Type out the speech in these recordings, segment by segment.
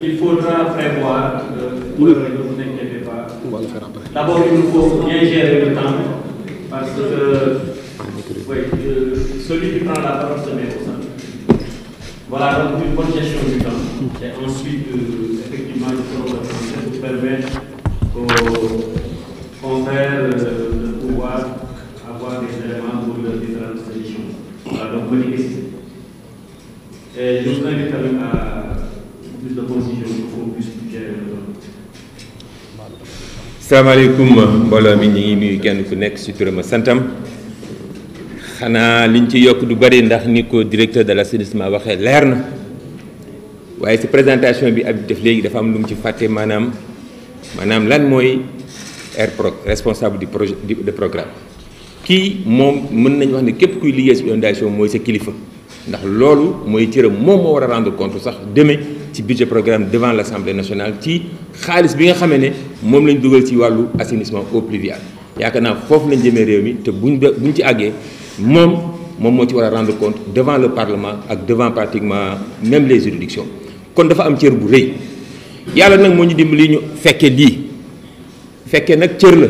Il faudra prévoir, euh, ne vous inquiétez pas. D'abord, il nous faut bien gérer le temps, parce que oui, euh, celui qui prend la parole se met au centre. Voilà, donc une bonne gestion du temps. Et ensuite, euh, effectivement, il faut pour permettre aux confrères euh, de pouvoir avoir des éléments pour les différentes solutions. Voilà, donc bonne idée. Et je vous invite à plus mbooloo mi ñu ngi nuyu kenn ku nekk si ci ma santam xanaa liñ ci yokk du bari ndax ni ko directeur de la l'assainissement waxee leer na waaye si présentation bi ab def léegi dafa am lu mu ci fàtte maanaam maanaam lan mooy RPROC responsable du projet de programme kii moom mën nañu wax ni képp kuy liggéey ci inondation mooy sa kilifa ndax loolu mooy cëram moom moo war a rendre compte sax demee ci budget programme devant l' assemblée nationale ci xaalis bi nga xamee ne moom lañ dugal ci wàllu assainissement eau pluviale yaakaar naa foofu lañ jëmee réew mi te buñ buñ ci àggee moom moom moo ci war a rendre compte devant le parlement ak devant pratiquement même les juridictions kon dafa am cër bu rëy yàlla nag moo ñu dimbali ñu fekkee lii fekkee nag cër la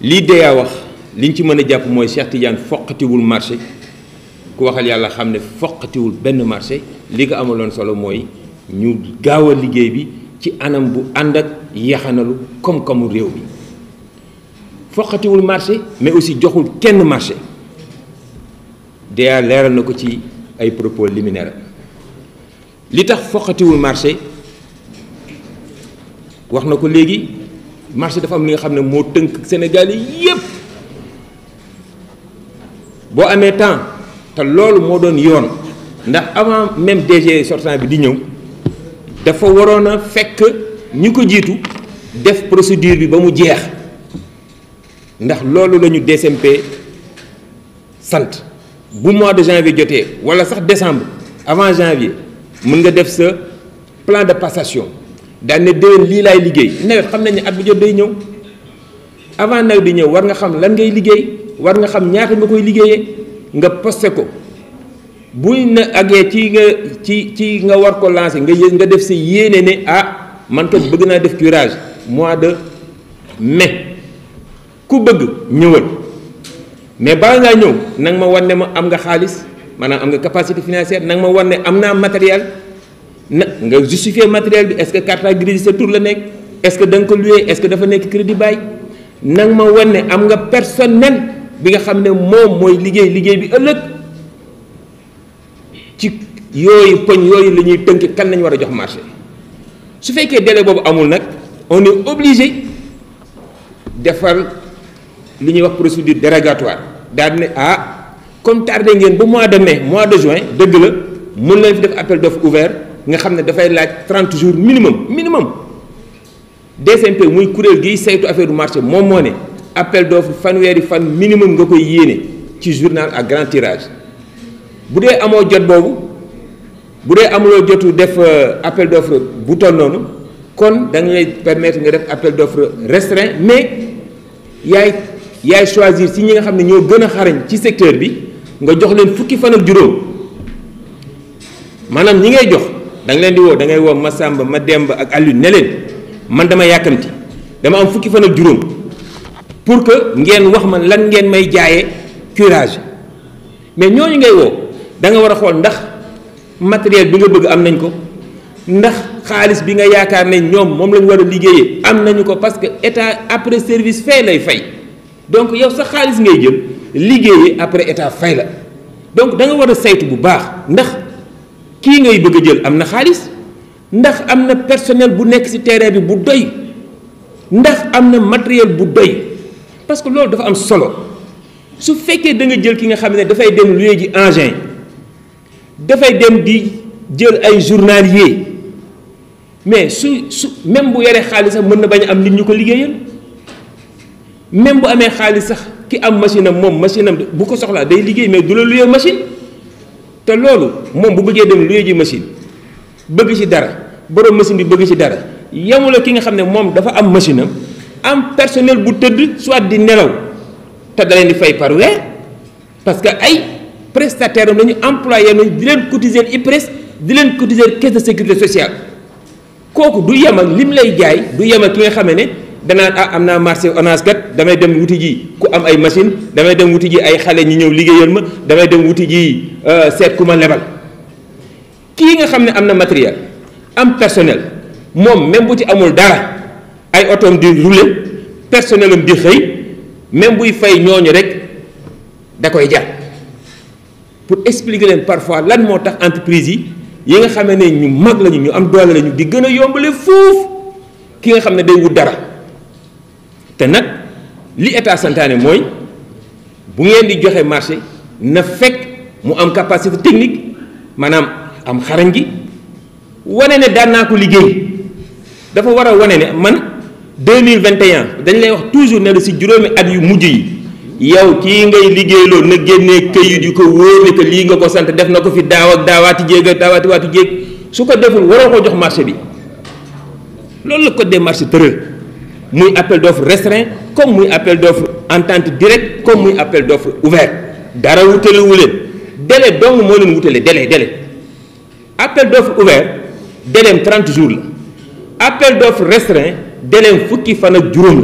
lii deyaa wax li ñu ci mën a jàpp mooy Cheikh Tidiane foqatiwul marché waxal yàlla xam ne foqatiwul benn marché li ko amaloon solo mooy ñu gaaw liggéey bi ci anam bu ànd ak yaxanalu koom-koomu réew mi foqatiwul marché mais aussi joxul kenn marché DEA leeral na ko ci ay propos liminaire li tax foqatiwul marché wax na ko léegi marché dafa am li nga xam ne moo tënk Sénégal yi yépp boo amee temps te loolu moo doon yoon ndax avant même DG sortan bi di ñëw dafa waroon a fekk ñu ko jiitu def procédure bi ba mu jeex ndax loolu lañu ñu sant bu mois de janvier jotee walla sax décembre avant janvier mën nga def sa plan de passation daane ne déwén lii laay liggéey nawet xam nañ at bu jot day ñëw avant nawet di ñëw war nga xam lan ngay liggéey war nga xam ñaata nga koy liggéeyee nga posté ko buñ na agee ci nga ci ci nga war ko lancé nga yë nga def si yéene ne ah man kat bëgg naa def curage mois de mai ku bëgg ñëwal mais bala ngaa ñëw nanga ma wan ne ma am nga xaalis maanaam am nga capacité financière nanga ma wan ne am naa matériel na nga justifier matériel bi est-ce que carte grise sa la nekk est-ce que da ko loué est-ce que dafa nekk crédit baay nang ma wan ne am nga personnel bi nga xam ne moom mooy liggéey liggéey bi ëllëg ci yooyu poñ yooyu la ñuy tënk kan lañ war a jox marché su fekkee délai boobu amul nag on est obligé defar li ñuy wax procédure dérogatoire daal ne ah comme tardé ngeen ba mois de mai mois de juin dëgg la mën nañ fi def appel d'offre ouvert nga xam ne dafay laaj 30 jours minimum minimum DCMP muy kuréel gi saytu affaire du marché moom moo ne. appel d'offre fanweeri fan minimum nga koy yéene ci journal ak grand tirage bu dee amoo jot boobu bu dee amuloo jotu def euh, appel d'offre bu toll noonu kon danga nga lay permettre nga def appel d'offre restreint mais yaay yaay choisir si ñi nga xam ne ñoo gën a xarañ ci secteur bi nga jox leen fukki fan ak juróom maanaam ñi ngay jox da leen di woo da ngay woo ma Mademba ak Aliou ne leen man dama yàkkamti dama am fukki fan ak juróom pour que ngeen wax ma lan ngeen may jaayee curage mais ñooñu ngay woo da nga war a xool ndax matériel bi nga bëgg am nañ ko ndax xaalis bi nga yaakaar ne ñoom moom la war a liggéeyee am nañu ko parce que état après service fay lay fay donc yow sa xaalis ngay jël liggéeyee après état fay la donc da nga war a saytu bu baax ndax kii ngay bëgg a jël am na xaalis ndax am na personnel bu nekk ci terrain bi bu doy ndax am na matériel bu doy. parce que loolu dafa am solo su fekkee da nga jël ki nga xam ne dafay dem luye ji engin dafay dem di jël ay journalier mais su su même bu yoree xaalis sax mën na bañ am nit ñu ko liggéeyal même bu amee xaalis sax ki am machine am moom machine am bu ko soxlaa day liggéey mais du la luye machine te loolu moom bu bëggee dem luye ji machine bëgg ci dara borom machine bi bëgg ci dara yemula ki nga xam ne moom dafa am machine am am personnel bu tëdd soit di nelaw te daleen di fay par weer parce que ay prestataire am la ñu employé nañu di leen cotiser di leen cotiser caisse de sécurité kooku du yem ak lay jaay du yem ki nga xamee ne danaan ah am naa marché ONAS damay dem wuti ji ku am ay machine damay dem wuti ji ay xale ñi ñëw liggéeyal ma damay dem wuti ji euh, seet ku ma lebal nga xam ne am na matériel am personnel moom même bu ci amul dara ay otoom di rouler personnel am di xëy même buy fay ñooñu rek da koy jar pour expliquer leen parfois lan moo tax entreprise yi yi nga xam ne ñu mag lañu ñu am doole lañu di gën a yombale foofu ki nga xam ne day wut dara te nag li état santaane mooy bu ngeen di joxe marché na fekk mu am capacité technique maanaam am xarañ gi wane ne daan naa ko liggéey dafa war a wane ne man. 2021 dañ lay wax toujours ne si juróomi at yu mujj yi yow kii ngay liggéeyloo na génne këyit yu ko wóor ne que lii nga ko sant def na ko fi daaw ak daawaati jéeg ak daawaati waati jéeg su ko deful waroo ko jox marché bi loolu la ko des marchés tëral muy appel d'offre restreint comme muy appel d'offre entente directe comme muy appel d'offre ouvert dara wutalewu leen délai dong moo leen wutale délai délai appel d'offre ouvert délai 30 jours la appel d'offre restreint délai fukki fan ak juróom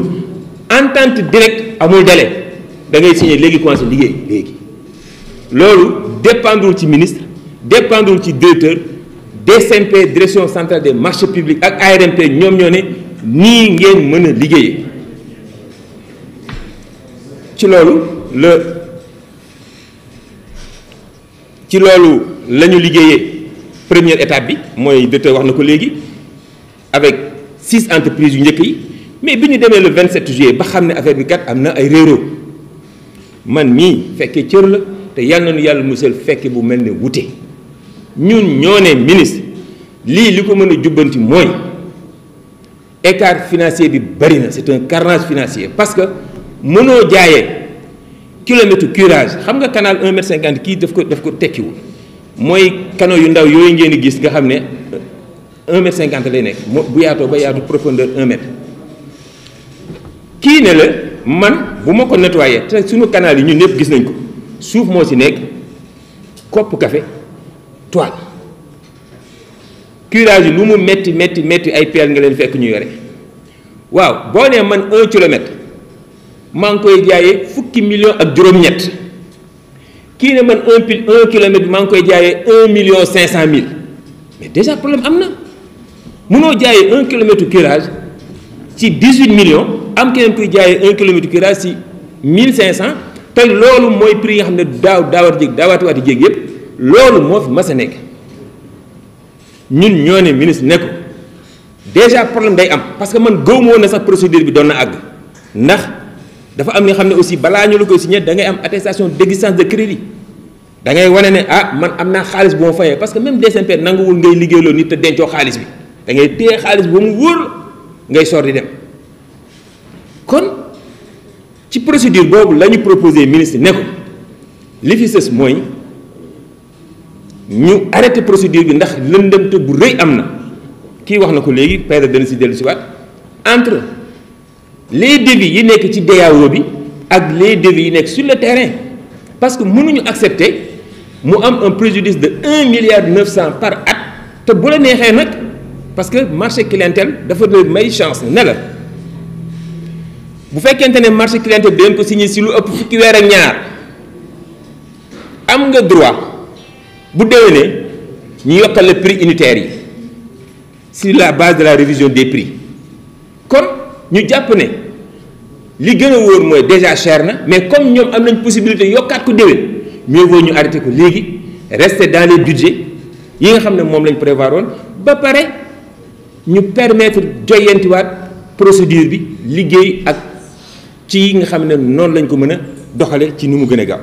la entente direct amul délai da ngay signé léegi commencé liggéey léegi loolu dépendul ci ministre dépendul ci directeur DCMP direction centrale des marchés publics ak ARMP ñoom ñoo ne nii ngeen mën a liggéeyee ci loolu la ci loolu la ñu liggéeyee première étape bi mooy directeur wax na ko léegi avec six entreprise yu njëkk yi mais bi ñu demee le 27 juillet ba xam ne affaire bi kat am na ay réeróo man mii fekkee cër la te yàlla na nu yàlla musal fekke bu mel ne wute ñun ñoo ne ministre lii li ko mën a jubbanti mooy écart financier bi bëri na c'est un carnage financier parce que mënoo jaayee kilomètre curage xam nga canal un mètre 50 kii daf ko daf ko tekkiwul mooy canaux yu ndaw yooyu ngeen di gis nga xam ne un mètre cinquante lay nekk moo bu yaatoo ba yaatu profondeur un mètre kii ne la man bu ma ko nettoyé te suñu canal yi ñu ñëpp gis nañ ko suuf moo ci nekk kopp kafe toile curage yi lu mu metti metti metti ay peel nga leen fekk ñu yore waaw boo nee man un kilomètre maa ngi koy jaayee fukki million ak juróom-ñett kii ne man un un kilomètre maa ngi koy jaayee un million cinq cent mille mais déjà problème am na mënoo jaayee un kilomètre curage ci dix huit million am keneen kuy jaayee un kilomètre curage ci mille cinq cent te loolu mooy prix yi nga xam ne daaw daawat jéeg daawaati waati jéeg yëpp loolu moo fi mas nekk ñun ñoo ne ministre ne ko déjà problème day am parce que man gëw woon ne sax procédure bi doon na àgg ndax dafa am li nga xam ne aussi balaa ñu la koy signé da ngay am attestation d'existence de crédit da ngay wane ne ah man am naa xaalis bu ma fayee parce que même DSMP nanguwul ngay liggéeyloo nit te dencoo bi. da ngay téye xaalis ba mu wóor ngay sor di dem kon ci procédure boobu la ñu proposé ministre ne ko li fi sës mooy ñu arrêté procédure bi ndax lëndëmte bu rëy am na kii wax na ko léegi Pedre dana si dellu si waat entre les devis yi nekk ci DAO bi ak les devis yi nekk sur le terrain parce que mënuñu accepter mu am un préjudice de un milliard neuf cent par at te bu la neexee nag parce que marché clientèle dafa ne may chance ne la bu fekkente ne marché clientèle bi dañ ko signé si lu ëpp fukki weer ak ñaar am nga droit bu déwénee ñu yokkal la prix unitaire yi si la base de la révision des prix kon ñu jàpp ne li gën a wóor mooy déjà cher na mais comme ñoom am nañ possibilité yokkaat ko déwén mieux vaut ñu arrêté ko léegi reste dans les budgets yi nga xam ne moom lañ prévoir woon ba pare. ñu permettre joyantiwaat procédure bi liggéey ak ci nga xam ne noonu lañ ko mën a doxale ci ni mu gën a gaaw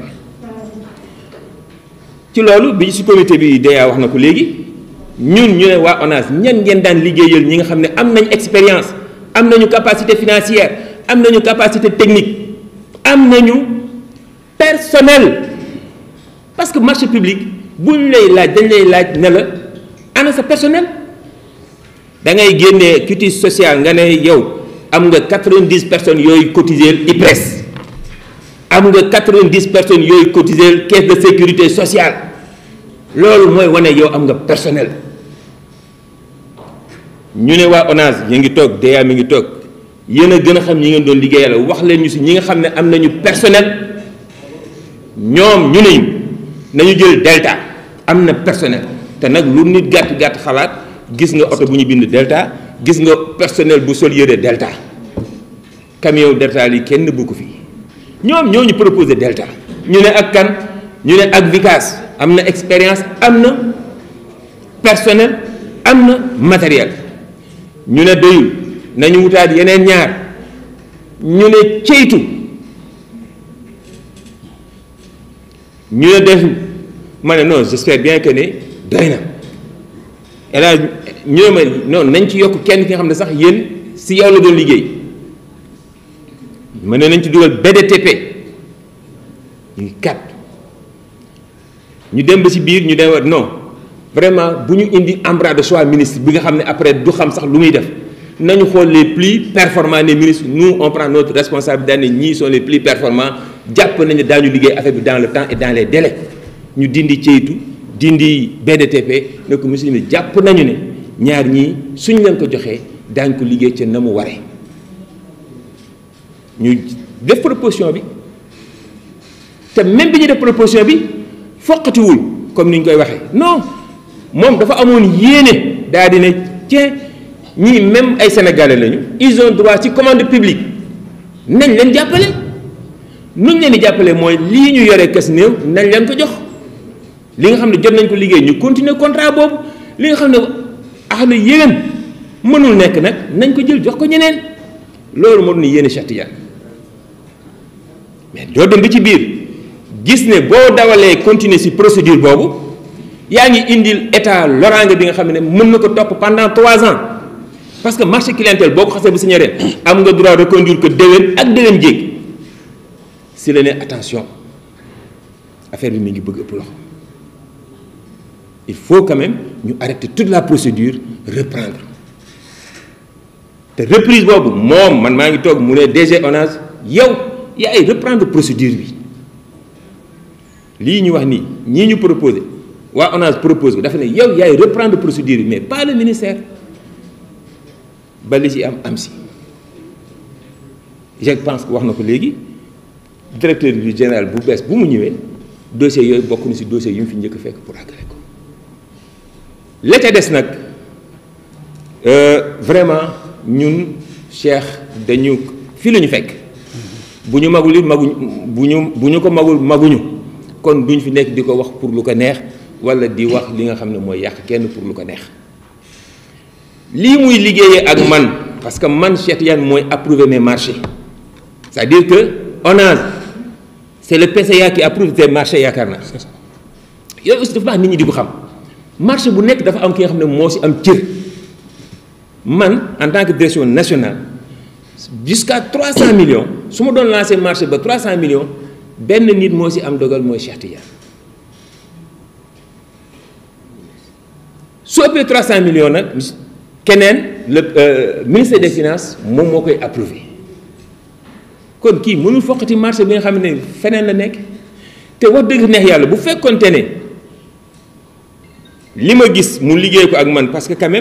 ci loolu bi ci comité bi daya wax na ko léegi ñun ñu ne waa ONAS ñan ngeen daan liggéeyal ñi nga xam ne am nañ expérience am nañu capacité financière am nañu capacité technique am nañu personnel parce que marché public buñ lay laaj dañ lay laaj nela la sa personnel da ngay génnee cutis sociale nga ne yow am nga 90 personnes yooyu cotiser IPRES am nga 90 personnes yooyu cotiser caisse de sécurité sociale loolu mooy wane yow am nga personnel ñu ne waa ONAS ñu ngi toog DEA mi ngi toog yéen a gën a xam ñi ngeen doon liggéeyal wax leen ñu si ñi nga xam ne am nañu personnel ñoom ñu ne nañu jël delta am na personnel te nag lu nit gàtt gàtt xalaat. gis nga oto bu ñu bind delta gis nga personnel bu sol yére delta camion delta yi kenn bu ko fi ñoom ñoo ñu proposé delta ñu ne ak kan ñu ne ak Vicas am na expérience am na personnel am na matériel ñu ne doyul nañu wutaat yeneen ñaar ñu ne ceytu ñu ne def ma ne non j'espère bien que ne doy na elage ñu ne ma noonu nañ ci yokk kenn ki nga xam ne sax yéen si yow la doon liggéey mën ne nañ ci dugal BDTP ñu kat ñu dem ba si biir ñu dem no vraiment bu ñu indi embarras de choix ministre bi nga xam ne après du xam sax lu muy def nañu xool les plus performants des ministres nous on prend notre responsabilité daane ñii sont les plus performants jàpp nañu daañu liggéey affaire bi dans le temps et dans les délais ñu dindi ceytu dindi BDTP ne ko muslim yi jàpp nañu ne ñaar ñii suñ leen ko joxee daañ ko liggéey ca na mu waree ñu def proposition bi te même bi ñu def proposition bi foqatiwul comme ni ñu koy waxee non moom dafa amoon yéene daal di ne cee ñii même ay sénégalais lañu ils ont droit ci commande publique nañ leen jàppale nuñ leen di jàppale mooy lii ñu yore kes néew nañ leen ko jox li nga xam ne jot nañ ko liggéey ñu continuer contrat boobu li nga xam ne ax na yéen mënul nekk nag nañ ko jël jox ko ñeneen loolu moo doon yéene Cheikh Tidiane mais doo dem ci biir gis ne boo dawalee continuer si procédure boobu yaa ngi indil état loraange bi nga xam ne mën na ko topp pendant trois ans parce que marché clientèle boo ko bi bu sañoree am nga droit reconduire que déwén ak déwén jéeg si la ne attention affaire bi mu ngi bëgg ëpp loxo il faut quand même ñu arrêter tout la procédure reprendre te reprise boobu moom man maa ngi toog mu ne DG ONAS yow yaay reprendre procédure bi lii ñu wax nii ñii ñu proposé waa ONAS propose ko dafa ne yow yaay reprendre procédure bi mais pas le ministère ba li ci am am si je pense que wax na ko léegi directeur bi général bu bees bu mu ñëwee dossier yooyu bokk na si dossier yu mu fi njëkk fekk pour agréé ko la ca des nag euh, vraiment ñun Cheikh dañu fii la ñu fekk bu ñu magul it maguñ bu ñu bu ñu ko magul maguñu kon duñ fi nekk di ko wax pour lu ko neex walla di wax li nga xam ne mooy yàq kenn pour lu ko neex lii muy liggéeyee ak man parce que man Cheikh Tidiane mooy approuver mes marchés c'est-à-dire que ONAS c'est le PCA qui approuve tes marchés yaakaar na yooyu aussi dafa baax nit ñi di ko xam marché bu nekk dafa am ki nga xam ne moo si am cër man en tant que direction nationale jusqu'à cent million su ma doon lancé marché ba 300 millions benn nit moo si am dogal mooy Cheikh Tidiane su ëppee cent million nag keneen le euh, ministre des finances moom moo koy approuvé kon kii mënul foqati marché bi nga xam ne feneen la nekk te wax dëgg neex yàlla bu fekkonte ne. li ma gis mu liggéey ko ak man parce que quand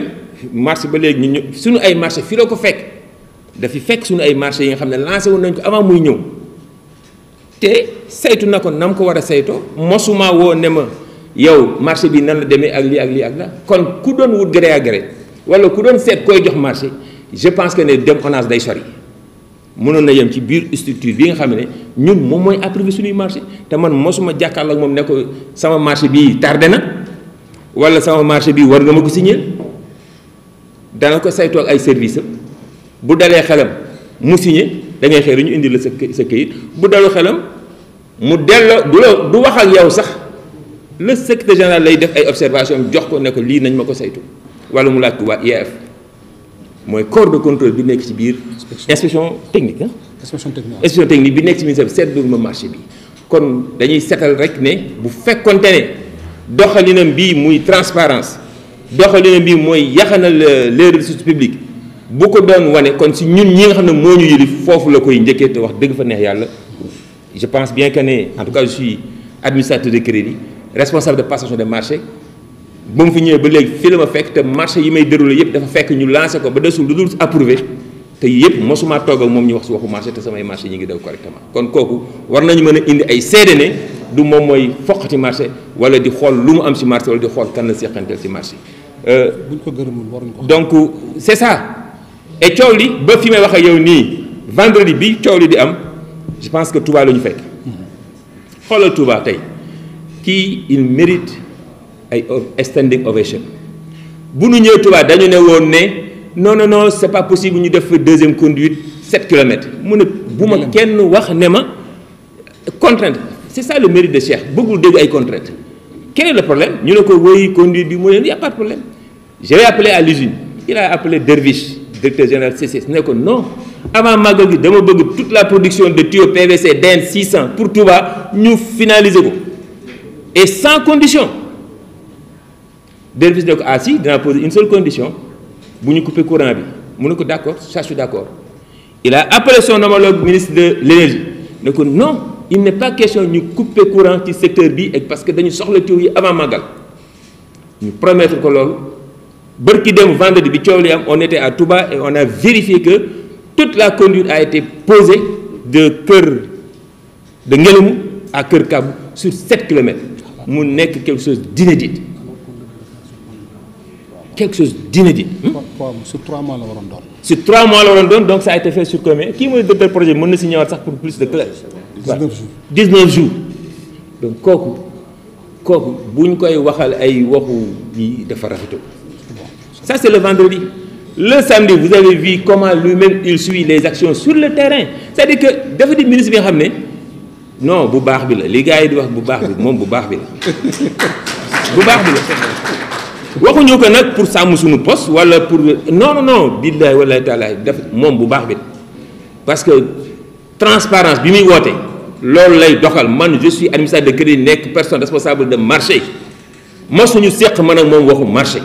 marché ba léegi ñu suñu ay marché fii la ko fekk dafi fekk suñu ay marché yi nga xam ne lancé woon nañ ko avant muy ñëw te saytu na ko nam ko war a saytoo mosuma woo ne ma yow marché bi nan la demee ak lii ak lii ak la kon ku doon wut gré à gré wala ku doon seet koy jox marché je pense que ne dem ONAS day sori mënoon na yem ci biir structure bi nga xam ne ñun moom mooy approuvé suñuy marché te man mosuma jàkkaarloo moom ne ko sama marché bi tardé na. wala sama marché bi war nga ma ko signer dana ko saytoo ak ay service bu dalee xelam mu signé da ngay xëy ñu indi la sa sa këyit bu dalu xelam mu delloo du la du wax ak yow sax le secrétaire général lay def ay observation jox ko nekk lii nañ ma ko saytu wala mu laaj ko waa IAF mooy corps de contrôle bi nekk ci biir. inspection technique ah. inspection technique inspection technique bi nekk ci ministère bi ma marché bi kon dañuy setal rek ne bu fekkonte doxalina bii muy transparence doxalinam bii mooy yaxanal euh, les ressources publiques bu ko doon wane kon si ñun ñi nga xam ne moo ñu yëlif foofu la koy njëkkee te wax dëgg fa neex yàlla je pense bien que ne en tout cas je suis administrateur de crédit responsable de passation des marchés ba mu fi ñëwee ba léegi fii a ma fekk te marché yi may déroulé yëpp dafa fekk ñu lancé ko ba desul lu dul approuvé te yëpp mosuma toog ak moom ñu wax si waxu marché te samay marché ñu ngi daw correctement kon kooku war nañu mën a indi ay seede du moom mooy foq ci marché wala di xool lu mu am si marché wala di xool kan la si ci marché. Euh, buñ ko gërëmul waruñ ko donc c'est ça et coow li ba fi may wax ak yow nii vendredi bi coow li di am je pense que Touba la ñu fekk xoolal Touba tey kii il mérite ay standing ovation bu nu ñëwee tubaa dañu ne woon ne non non non c'est pas possible ñu def deuxième conduite 7 kilomètres mu ne bu ma kenn wax ne ma contrainte. c'est ça le mérite de Cheikh bëggul dégg ay contraintes quel est problème ñu ne ko woy conduite bi mu leen y a problème j'avais appelé à l'usine il a appelé Derviche directeur général CCS ne ko non avant màggal gi dama bëgg toute la production de tuyaux PVC DN 600 pour Touba ñu finaliser ko et sans condition Derviche ne ko ah si dinaa une seule condition bu ñu couper courant bi mu ne ko d'accord ça je suis d'accord il a appelé son homologue ministre de l'énergie il n'est pas question ñu couper courant ci secteur bi parce que dañu soxla tuyaux yi avant màggal ñu promettre ko loolu bërki dem vendredi bi coow li am on était à Touba et on a vérifié que toute la conduite a été posée de Kër de Ngelamu à Kër Kabou sur 7 kilomètres mu nekk quelque chose d'inédit quelque chose d'inédit. Hmm? sur 3 mois la waroon doon. sur 3 mois la waroon doon donc ça été fait sur combien kii mooy docteur projet mën na si ñëwaat sax pour plus de clair. 19 jours 19 jours donc kooku kooku bu ñu koy waxal ay waxu bi dafa rafetoo ça c'est le vendredi le samedi vous avez vu comment lui-même il suit les actions sur le terrain c'est-à-dire que dafa di ministre bi nga xam ne non bu baax bi la li gars yi di wax bu baax bi moom bu baax bi la bu baax bi la waxuñu ko nag pour sàmm suñu post wala pour non non non billaay wala taalaay def moom bu baax bi la parce que transparence bi muy woote loolu lay doxal man je suis administrateur de crédit nekk personne responsable de marché ma suñu seq man ak moom waxu marché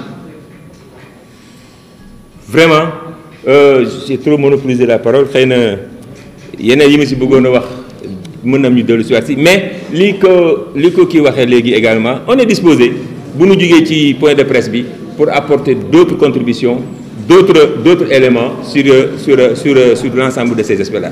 vraiment euh, j'ai trop monopolisé la parole xëy na yeneen yi ma si bëggoon a wax mën na ñu dellu si si mais li ko li ko kii waxee léegi également on est disposé bu ñu jógee ci point de presse bi pour apporter d'autres contribution d'autres d'autres éléments sur sur sur sur l'ensemble de ces aspects-là